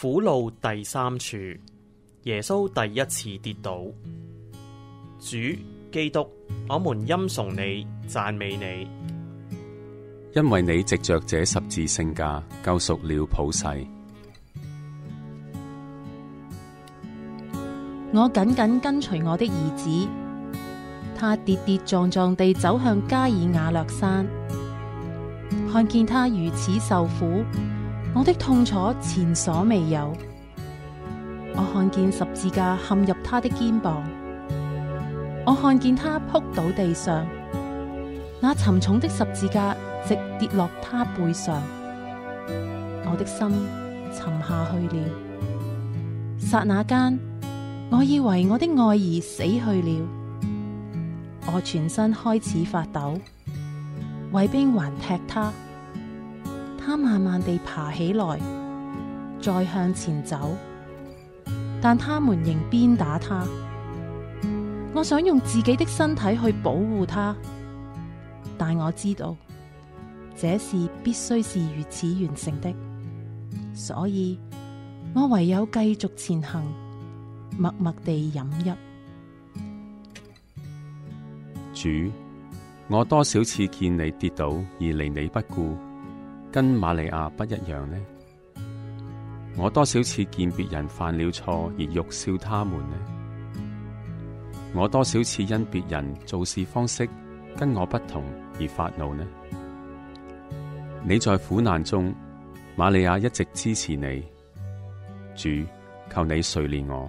苦路第三處，耶穌第一次跌倒。主基督，我們欽崇你，讚美你，因為你藉着這十字聖架救贖了普世。我緊緊跟隨我的兒子，他跌跌撞撞地走向加爾瓦略山，看見他如此受苦。我的痛楚前所未有，我看見十字架陷入他的肩膀，我看見他撲倒地上，那沉重的十字架直跌落他背上，我的心沉下去了。剎那間，我以為我的愛兒死去了，我全身開始發抖，衛兵還踢他。他慢慢地爬起來，再向前走，但他們仍鞭打他。我想用自己的身體去保護他，但我知道這事必須是如此完成的，所以我唯有繼續前行，默默地飲泣。主，我多少次見你跌倒而離你不顧。跟瑪利亞不一樣呢？我多少次見別人犯了錯而辱笑他們呢？我多少次因別人做事方式跟我不同而發怒呢？你在苦難中，瑪利亞一直支持你。主，求你垂憐我。